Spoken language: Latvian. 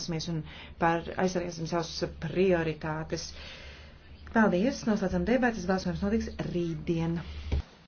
esmies un par aizsargāsim savus prioritātes. Paldies, noslēdzam debatas, balsojums notiks rītdien.